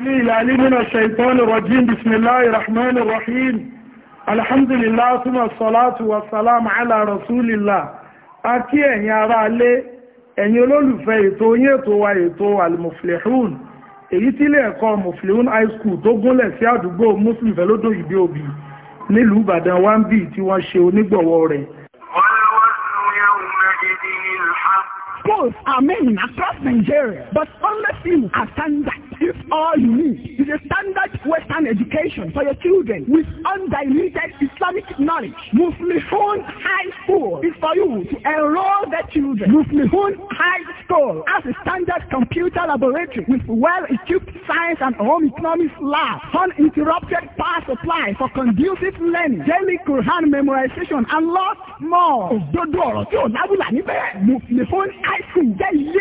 العلي من الشيطان الرجيم بسم الله الرحمن الرحيم الحمد لله ثم الصلاة والسلام على رسول الله akí ẹ̀yin ará ilé ẹ̀yin olólùfẹ́ ètò yín ètò wa ètò almuflihun èyí tí ilé ẹ̀kọ́ muflihun high school tó gúnlẹ̀ sí àdúgbò muslim fẹ́lódò ìdí òbí nílùú ìbàdàn wá ń bì tí wọ́n ṣe onígbọ̀wọ́ rẹ̀. schools are many across Nigeria, but only few at standard all you need is a standard Western education for your children with undiluted Islamic knowledge. Muflihun High School is for you to enroll their children. Muflihun High School has a standard computer laboratory with well-equipped science and home economics lab, uninterrupted power supply for conducive learning, daily Quran memorization, and lots more. Òdodo ọ̀rọ̀ tí ò lábùlà níbẹ̀. Muflihun High School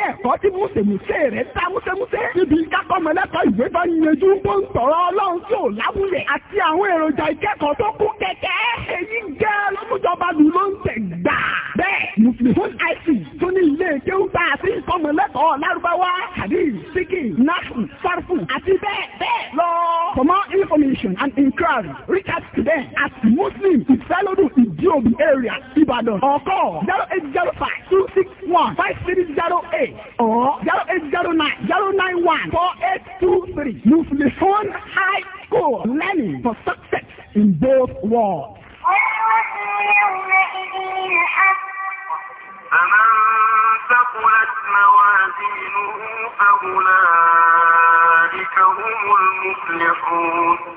ẹ̀kọ́ tí múṣèmúṣe rẹ̀ dá múṣẹ́múṣẹ́ níbi kákọ́mọlẹ́kọ̀ọ́ ìwé bá yanjú tó ń tọ̀rọ̀ ọlọ́run tí ò lábúlẹ̀ àti àwọn èròjà ìkẹ́kọ̀ọ́ tó kún kẹ̀kẹ́ èyí jẹ́ lọ́mújọba lù ló ń tẹ̀ gbà. bẹ́ẹ̀ mùsùlùmí àìsí tó ní ilé kéwúta àti ìkọ́mọlẹ́kọ̀ọ́ lárúbáwá àbí síkì náfù sárfù àti bẹ́ẹ̀ bẹ́ẹ̀ lọ. for more information and inquiry reach out to them at muslim ìfẹ́lódù ìdíòbí area ìbàdàn or call zero eight zero one five three zero eight or zero eight zero nine zero nine one four eight two three. Muflihun High School. Learning for success in both worlds. فمن ثقلت موازينه هم المفلحون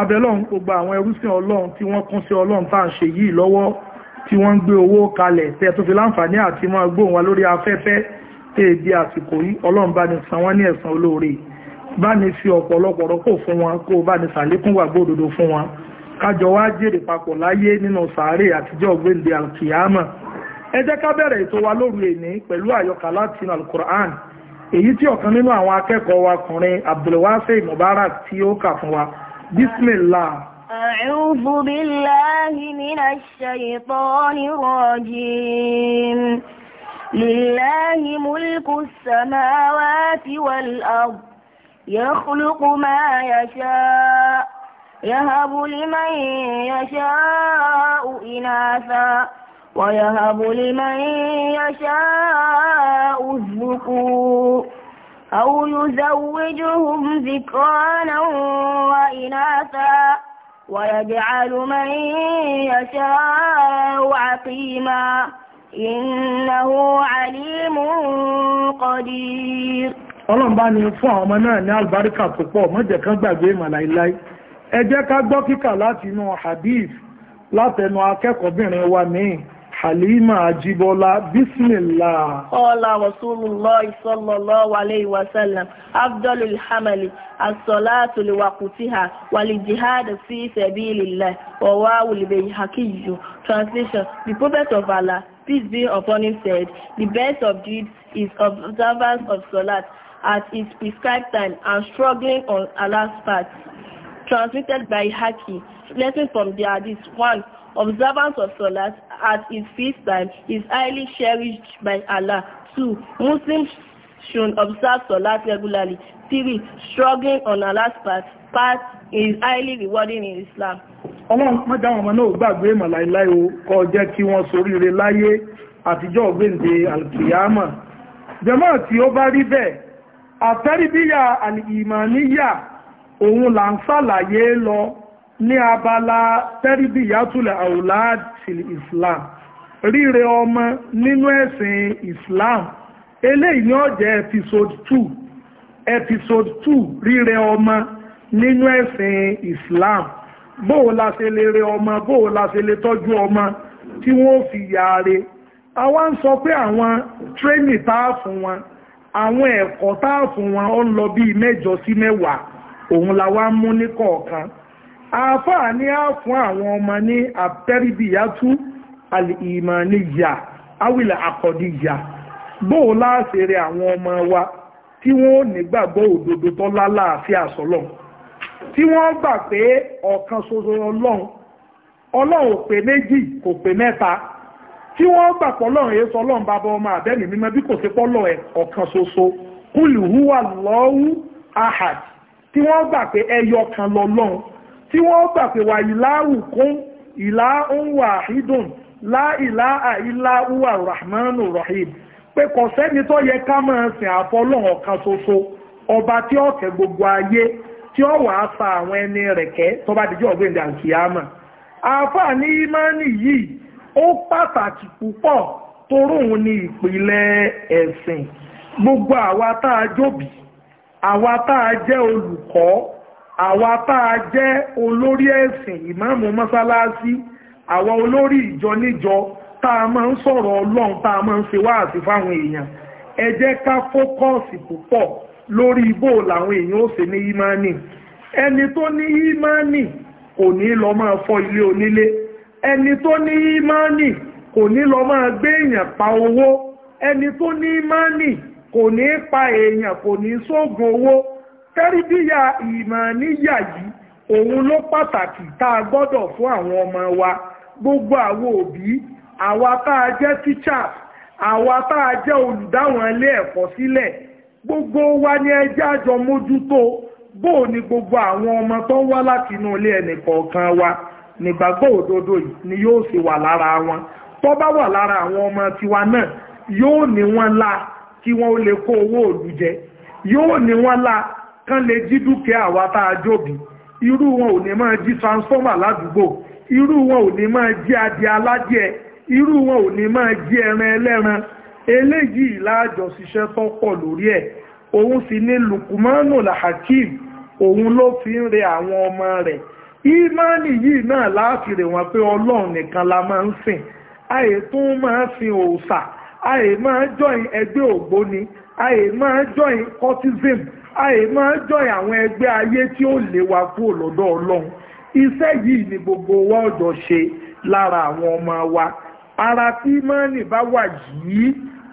abẹ́lọ́run gbogbo àwọn ẹrúsìn ọlọ́run tí wọ́n kún sí ọlọ́run tá à ń ṣe yìí lọ́wọ́ tí wọ́n ń gbé owó kalẹ̀ tẹ́ tó fi láǹfààní àti máa gbóhùn wa lórí afẹ́fẹ́ tẹ́ di àsìkò yìí ọlọ́run bá ní san wọ́n ní ẹ̀san olóore bá ní fi ọ̀pọ̀lọpọ̀ rọ́pò fún wọn kó bá ní sàlékún wà gbódodo fún wọn kájọ wá jèrè papọ̀ láyé nínú sàárè àtijọ́ ògbéǹde alkiyama ẹ jẹ́ ká bẹ̀rẹ̀ ètò wa lóru èní pẹ̀lú àyọkà láti inú alukur'an èyí tí ọ̀kan nínú àwọn akẹ́kọ̀ọ́ wa kùnrin abdulwase mubarak tí ó kà fún wa بسم الله أعوذ بالله من الشيطان الرجيم لله ملك السماوات والأرض يخلق ما يشاء يهب لمن يشاء إناثا ويهب لمن يشاء الذكور أو يزوجهم ذكرانا وإناثا ويجعل من يشاء عقيما إنه عليم قدير ọlọ́run bá ní fún àwọn ọmọ náà ní àlùbáríkà tó pọ̀ má jẹ́ kán gbàgbé màláìláì ẹ jẹ́ ká gbọ́ kíkà láti inú hadith látẹnu akẹ́kọ̀ọ́bìnrin wa míì Halima Ajibola, Bismillah. Ọlá Rasulullah sallallahu alayhi wa sallam, Abdullul Hamali, As-salatu li waqtiha, wal jihad fi sabilillah, wa wa al-Bayhaqi. Translation: The Prophet of Allah, peace be upon him, said, The best of deeds is observance of salat at its prescribed time and struggling on Allah's path. Transmitted by Haki. Lesson from the Hadith 1 observance of Salat at its feast time is highly cherished by Allah. 2. Muslims should observe Salat regularly. 3. Struggling on Allah's path, path is highly rewarding in Islam. Ọlọ́run pẹ́ dáwọn ọmọ náà gbàgbé màláìláì o kó jẹ́ kí wọ́n ṣoríire láyé àtijọ́ ògbéǹde alkiyama. Jẹ́mọ́ tí ó bá rí bẹ́ẹ̀, àtẹ́rìbíyà alìmọ̀ níyà òun là ń ṣàlàyé lọ ní abala tẹ́rìbì yàtúlẹ̀ àwùláàd fil islam ríre ọmọ nínú ẹ̀sìn islam eléyìí ni ó jẹ́ episode two episode two ríre ọmọ nínú ẹ̀sìn islam bóò la ṣe lè re ọmọ bóò la ṣe lè tọ́jú ọmọ tí wọ́n fi yàre àwa ń sọ pé àwọn tírénì tá a fún wọn àwọn ẹ̀kọ́ tá a fún wọn ó ń lọ bíi mẹ́jọ sí mẹ́wàá òun la wá mú ní kọ̀ọ̀kan àáfàá ní á fún àwọn ọmọ ní àbẹ́rìbìyàtú alìmọ̀níyà awìlà àkọ́díyà bóò láàṣẹrẹ àwọn ọmọ wa tí wọ́n nígbàgbọ́ òdodo tó lálàáfíà sọ́lọ̀ tí wọ́n gbà pé ọ̀kan ṣoṣo ọlọ́run ọlọ́run ò pé méjì kò pé mẹ́ta tí wọ́n gbà pọ́lọ́run èso ọlọ́run bàbá ọmọ àbẹ́ni mímọ́ bí kò sí pọ́lọ̀ ẹ̀ ọ̀kan ṣoṣo kúlù húwà lọ́wọ́ ahad tí wọ́n gbà pé ẹyọ kan lọ́lọ́run tí wọ́n gbà pé wà ìláhù kún ìlà ń wà ìdùn láìlá àìlá uwà rahmanu rahim pé kò sẹ́ni tó yẹ ká máa sìn àfọlọ́hàn ọ̀kan ṣoṣo ọba tí ó kẹ́ gbogbo ayé tí ó wàá sa àwọn ẹni rẹ̀ kẹ́ tó bá dijọ́ ọ̀gbìn dàkíyàmà àáfàá ní ìmánì yìí ó pàtàkì púpọ̀ toró òun ni ìpìlẹ̀ ẹ̀sìn gbogbo àwa tá a jóbi àwa tá a jẹ́ olùkọ́ àwa tá a jẹ́ olórí ẹ̀sìn ìmáàmù mọ́sálásí àwa olórí ìjọ níjọ tá a máa ń sọ̀rọ̀ ọlọ́run tá a máa ń ṣe wáàsí fáwọn èèyàn ẹ jẹ́ ká fókọ́ọ̀sì púpọ̀ lórí ibò làwọn èèyàn ó se ní ímánì ẹni tó ní ímánì kò ní lọ máa fọ ilé onílé ẹni tó ní ímánì kò ní lọ máa gbé èèyàn pa owó ẹni tó ní ímánì kò ní pa èèyàn kò ní sóògùn owó tẹ́rìbíyà ìmọ̀níyà yìí òun ló pàtàkì tá a gbọ́dọ̀ fún àwọn ọmọ wa gbogbo àwọn òbí àwa tá a jẹ́ teachers àwa tá a jẹ́ olùdáwọn ilé ẹ̀kọ́ sílẹ̀ gbogbo wa ni ẹjẹ́ àjọ mójútó bó o ní gbogbo àwọn ọmọ tó ń wá láti inú ilé ẹnì kọ̀ọ̀kan wa nígbàgbọ́ òdodo ni yóò sì wà lára wọn tó bá wà lára àwọn ọmọ tiwa náà yóò ní wọn la kí wọn ó lè kó owó òlù jẹ yóò ní wọn la kán lè jí dúkìá àwa tá a jóbi irú wọn ò ní máa jí transformer ládùúgbò irú wọn ò ní máa jí adìẹ alájẹ irú wọn ò ní máa jí ẹran ẹlẹ́ran eléyìí láàjọ ṣiṣẹ́ tó pọ̀ lórí ẹ̀ òun sì ní lukumanu lahakim òun ló fi ń re àwọn ọmọ rẹ̀ ìmánì yìí náà láàfìrè wọn pé ọlọ́run nìkan la máa ń sìn àyè tún máa sin òòṣà àyè máa jọyìn ẹgbẹ́ ògbóni àyè máa jọyìn cortism àì máa jọyìn àwọn ẹgbẹ́ ayé tí ó lè wa kúrò lọ́dọ̀ ọlọ́run iṣẹ́ yìí ni gbogbo wa ọ̀dọ̀ ṣe lára àwọn ọmọ wa ara tí mọ́ọ̀nì bá wà yìí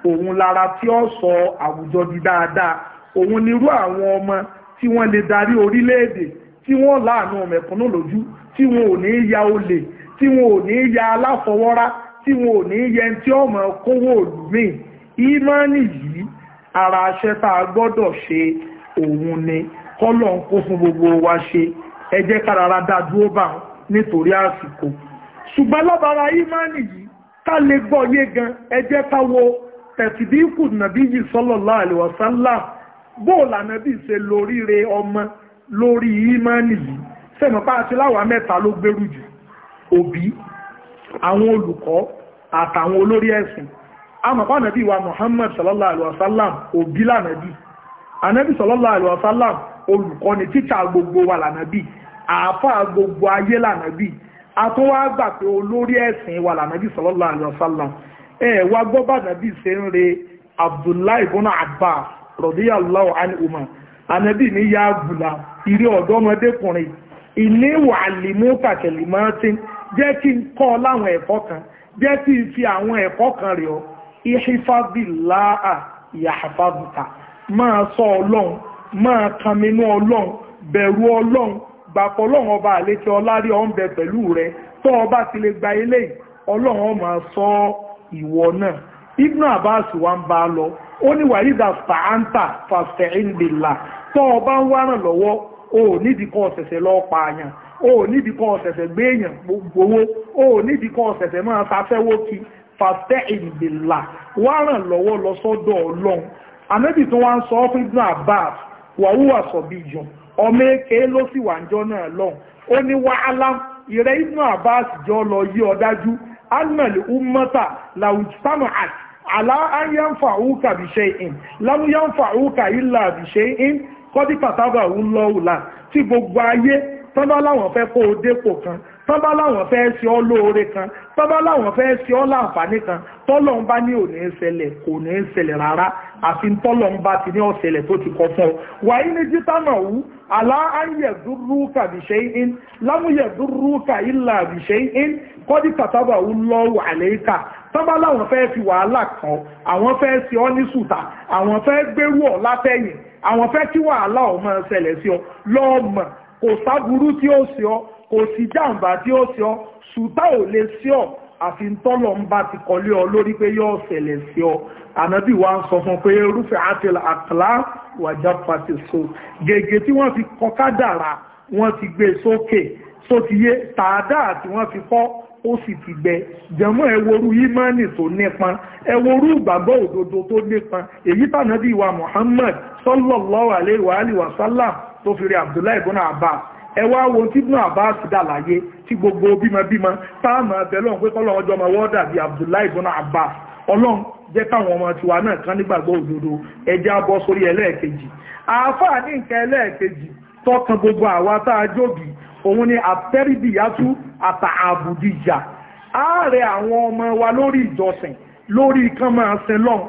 òun lára tí ó sọ àwùjọ di dáadáa òun nírú àwọn ọmọ tí wọ́n lè darí orílẹ̀-èdè tí wọ́n láàánú mẹ̀kúnnù lójú tí wọn ò ní ya olè tí wọn ò ní ya aláfọwọ́rá tí wọn ò ní yẹ tí ọmọ kówó òlùmíì ìmọ̀ọ́nì yìí ara aṣẹ́ gbọ́dọ̀ ṣe òun ni kọ́lọ̀ ń kó fún gbogbo wa ṣe ẹ jẹ́ kárara dá bá nítorí àsìkò ṣùgbọ́n lọ́bàrá ìmánì yìí ká lè gbọ́ yé gan ẹ jẹ́ ká wo tẹ̀sídíkù nàbí yìí sallallahu alaihi bóòlà nàbí ṣe lóríire ọmọ lórí ìmánì yìí sẹ́mọ̀pá àti láwàá mẹ́ta ló gbérù jù òbí àwọn olùkọ́ àtàwọn olórí ẹ̀sìn àmọ̀pá nàbí wa Muhammad sallallahu alaihi wasallam òbí lànàbí anabi sallallahu alaihi wasallam olùkọ́ni títà gbogbo wa lànàbí àáfàá gbogbo ayé lànàbí a tún wá gbà pé olórí ẹ̀sìn wa lànàbí sallallahu alaihi wasallam ẹ̀ wá gbọ́ bá nàbí ṣe ń re abdullahi ibn abbas radiyallahu anhuma anabi ní ya gbùlà ìrí ọ̀dọ́mọdékùnrin ilé wà lèmú kàkẹ́lì mọ́tín jẹ́ kí n kọ́ láwọn ẹ̀kọ́ kan jẹ́ kí n fi àwọn ẹ̀kọ́ kan rẹ̀ ọ́ ìhìfàbìláà ìyàhàfàbùkà máa sọ ọlọ́run máa kaminú ọlọ́run bẹ̀rù ọlọ́run gbàpọ̀ ọlọ́run ọba àlékè ọlárí ọ̀nbẹ pẹ̀lú rẹ tó ọba ti lè gba eléyìí ọlọ́run ó máa sọ ìwọ náà ibnu abbas wa ń bá a lọ ó ní wàyídà fàáńtà fàfẹ́ńdìlà tó ọba ń wá ràn lọ́wọ́ o nídìí kan ọ̀sẹ̀sẹ̀ lọ pààyàn o nídìí kan ọ̀sẹ̀sẹ̀ gbéèyàn gbowó o nídìí kan ọ̀sẹ̀sẹ̀ máa ta fẹ́wó kí fàfẹ́ńdìlà wá ràn lọ́wọ́ lọ sọ́dọ̀ ọlọ́run ànábì tó wá ń sọ fún ibùdó abbas wàhùwà sọ̀bí jùn ọmọ èké ló sì wà ń jọ náà lọ́hùn ó ní wàhálà ìrẹ́ ibùdó abbas jọ lọ yí ọ dájú annal ummata lawujtama at ala an yanfa'uka bi shay'in lam yanfa'uka illa bi shay'in kọ́dí pàtàkì lọ́wùlà tí gbogbo ayé tọ́bá láwọn fẹ́ kó o dépò kan tọ́bá láwọn fẹ́ ṣe ọ́ lóore kan tọ́bá láwọn fẹ́ ṣe ọ́ láǹfààní kan tọ́lọ́n bá ní ò ní ṣẹlẹ̀ kò ní ṣẹlẹ̀ rárá àfi tọ́lọ̀ ń bá ti ní ọ̀sẹ̀lẹ̀ tó ti kọ fún ọ wà ní jítánà wú aláàyẹ̀dúrúkà bìṣẹ́ in lámúyẹ̀dúrúkà ilà bìṣẹ́ in kọ́dí kàtàbà wú lọ́wọ́ àlẹ́kà tọ́bá láwọn fẹ́ fi wàhálà kan àwọn fẹ́ sí ọ ní sùtà àwọn fẹ́ gbérú ọ látẹ̀yìn àwọn fẹ́ kí wàhálà ọ máa ṣẹlẹ̀ sí ọ lọ́ọ̀mọ̀ kò sáburú tí ó sí ọ kò sí jàǹbá tí ó sí ọ sùtà ò lè sí ọ àfi tọ́lọ̀ ń bá ti kọ́lé ọ lórí pé yóò ṣẹlẹ̀ sí ọ ànábì wa ń sọ fún pé rúfẹ́ àtẹlẹ àtàlá wàjà pàtẹ so gègé tí wọ́n fi kọ́ kádàrà wọ́n ti gbé sókè tó ti yé tààdà tí wọ́n fi kọ́ ó sì ti gbẹ jẹmọ́ ẹworú ìmánì tó nípọn ẹworú ìgbàgbọ́ òdodo tó nípọn èyí tànábì wa Muhammad sallallahu alaihi wa alihi wa sallam tó fi rí Abdullahi ibn Abbas ẹ wá wo tí Ibn Abbas dà láyé tí gbogbo bímọbímọ táàmù abẹ́lọ́n pé kọ́lọ́ ọjọ́ ọmọ wọ́n dàbí Abdullahi ibn Abbas ọlọ́run jẹ́ káwọn ọmọ tiwa náà kan nígbàgbọ́ òdodo ẹja bọ́ sórí ẹlẹ́ẹ̀kejì àáfàá ní nǹkan ẹlẹ́ẹ̀kejì tọkàn gbogbo àwa tá a jòbí òun ni àtẹ́rìbìyàtú àtà àbùdíjà ààrẹ àwọn ọmọ wa lórí ìjọsìn lórí kan máa sin lọ́n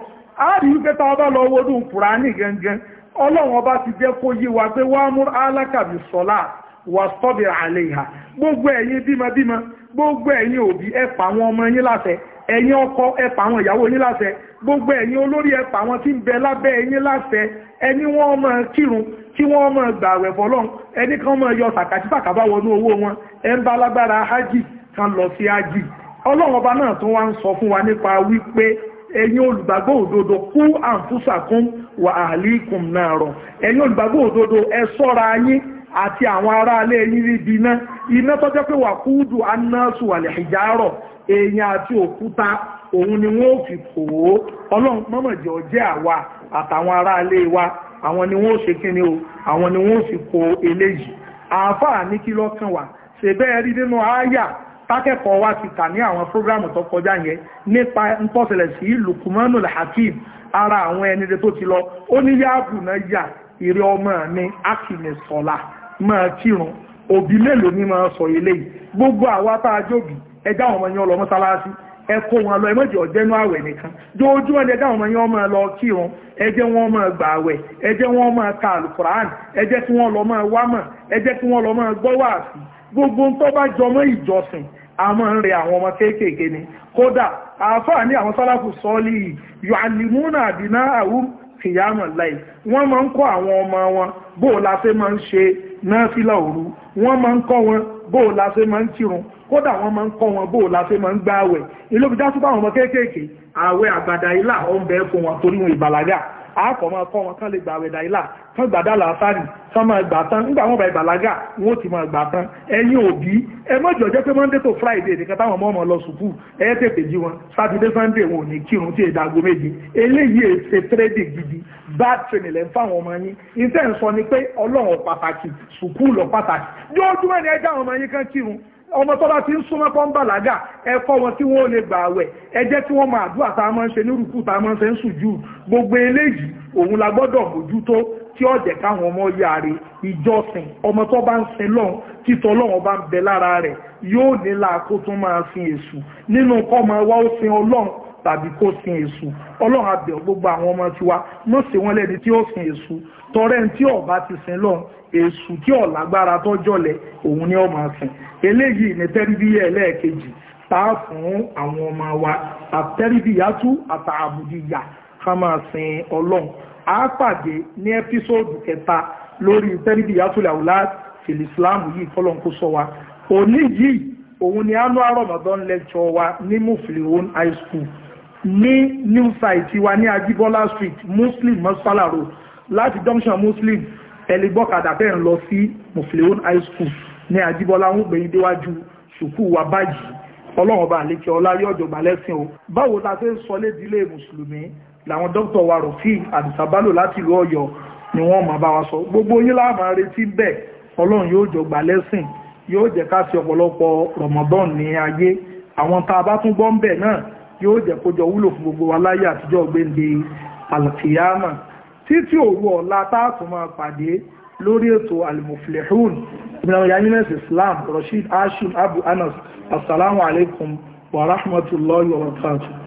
ààrí wípé tá a bá lọ wọdún Kùránì gangan ọlọ́run ọba ti jẹ́ kó yé wa pé wàá mú alákàbí sọ́láàtì wàstọ́bì àlèyà gbogbo ẹ̀yin bímọbímọ gbogbo ẹ̀yin òbí ẹ pa àwọn ọmọ yín láṣẹ ẹ̀yin ọkọ ẹ pa àwọn ìyàwó yín láṣẹ gbogbo ẹ̀yin olórí ẹ pa àwọn tí ń bẹ lábẹ́ láṣẹ ẹni wọ́n máa kírun tí wọ́n máa gbààwẹ̀ fọ́lọ́run ẹni kan yọ owó wọn lọ wípé olùgbàgbọ́ àti àwọn ará alẹ́ yín níbi iná iná tó jẹ́ pé wà kúùdù anásù wàlẹ̀ ìjárọ̀ èèyàn àti òkúta òun ni wọ́n fi kò ó ọlọ́run mọ́mọ̀jẹ́ ọjẹ́ àwa àtàwọn ará alẹ́ wa àwọn ni wọ́n ṣe kíni o àwọn ni wọ́n fi kò eléyìí àáfàá ní kí lọ́kàn wà ṣe bẹ́ẹ̀ rí nínú àáyà tákẹ́kọ̀ọ́ wa ti kà ní àwọn prógrámù tó kọjá yẹn nípa ntọ́sẹ̀lẹ̀ sí Luqmanul Hakim ara àwọn ẹni tó ti lọ ó ní yáàbù náà yà ìrẹ́ ọmọ mi akìmẹ̀sọ̀la maa kírun òbí mélòó ní máa sọ ilé gbogbo àwa tá ẹjá ọmọ yẹn lọ mọ́sálásí ẹ wọn lọ ẹmọ́jì ọ̀jẹ́nú àwẹ̀ nìkan dójú ẹni ẹjá ọmọ yẹn ọmọ lọ kírun wọn máa gbà ẹjẹ wọn ka alukuran ẹjẹ kí lọ kí lọ gbogbo ń ìjọsìn àmọ́ ń rẹ àwọn ọmọ kéékèèké ni kódà àwọn sọ́ọ́lì yọ àlìmúnà náfílà òru wọ́n máa ń kọ́ wọn bóò láṣẹ máa ń kírun kódà wọ́n máa ń kọ́ wọn bóò láṣẹ máa ń gbààwẹ̀ ilé òbí dásúbà àwọn ọmọ kéékèèké ààwẹ̀ àgbàdà ilà ọ̀nbẹ wọn torí wọn ìbàlágà àákọ̀ máa kọ́ wọn kán lè gbà wẹ̀dà ìlà kán gbàdá làásàrì kán máa gbà tán nígbà wọn bá ìbàlágà wọn ò ti máa gbà tán ẹ̀yin òbí ẹ mọ́jọ jẹ́ pé monday to friday nìkan táwọn ọmọ ọmọ lọ sùkú ẹ tètè jí wọn saturday sunday wọn ò ní kírun tí èdè aago méje eléyìí èsè tírèdì gidi bad training lẹ́ ń fáwọn ọmọ yín iṣẹ́ ń sọ ni pé ọlọ́run pàtàkì sùkúù lọ pàtàkì yóò dúró ní ẹjọ́ àwọn ọmọ yín kan kírun ọmọ tó bá ti ń súnmọ́ kọ́ ń bàlágà ẹ kọ́ wọn tí wọ́n lè gbà àwẹ̀ ẹ jẹ́ tí wọ́n máa dúà tá a máa ń ṣe ní rúkú tá a máa ń ṣe ń sùjú gbogbo eléyìí òun la gbọ́dọ̀ mójútó tí ọ̀jẹ̀ káwọn ọmọ yáre ìjọsìn ọmọ tó bá ń sin lọ́hùn títọ́ lọ́hùn bá ń bẹ lára rẹ̀ yóò nílà kó tún máa sin èṣù nínú kọ́ máa wá ó sin ọlọ́hùn tàbí kó sin èṣù ọlọ́run àbẹ̀ gbogbo àwọn ọmọ tiwa mọ̀ sí wọn lẹ́ni tí ó sin èṣù tọrẹ́ tí ọba ti sin lọ́run èṣù tí ọ̀lágbára tọ́jọ́lẹ̀ òun ni ọmọ sin eléyìí ní tẹ́rìbíyà ẹlẹ́ẹ̀kejì tá a fún àwọn ọmọ wa àtẹ́rìbíyà tú àtàbùdíyà ká máa sin ọlọ́run a pàdé ní ẹ́písòdù kẹta lórí tẹ́rìbíyà tó làwùlá fìlìsìláàmù yìí kọ́lọ́n òun ni annual Ramadan lecture wa ní mufliun high school ní new site wa ní ajibola street muslim masala road láti junction muslim ẹlẹgbọ́kadà bẹ́ẹ̀ ń lọ sí mufleon high school ní ajibola ń gbẹ̀yìn déwájú sùkú wa báyìí ọlọ́run ọba àlejò ọláyé ọ̀jọ̀gbà lẹ́sìn o báwo la ṣe ń sọ lédìílé mùsùlùmí làwọn dókítà wa rọ̀fí àdìsábálò láti ìlú ọ̀yọ́ ni wọ́n máa bá wa sọ gbogbo yín la máa retí bẹ́ẹ̀ ọlọ́run yóò jọ̀gbà lẹ́sìn yóò jẹ́ ká sí ọ̀pọ̀lọpọ̀ ramadan ní ayé àwọn tá a bá tún gbọ́ ń bẹ̀ náà yóò jẹ́ kójọ wúlò fún gbogbo wa láyé àtijọ́ gbéǹde alkiyama títí òru ọ̀la táàtù máa pàdé lórí ètò almuflihun ìmìnira yanyines islam rashid ashim abu anas assalamu alaikum wa rahmatullahi wa barakatuh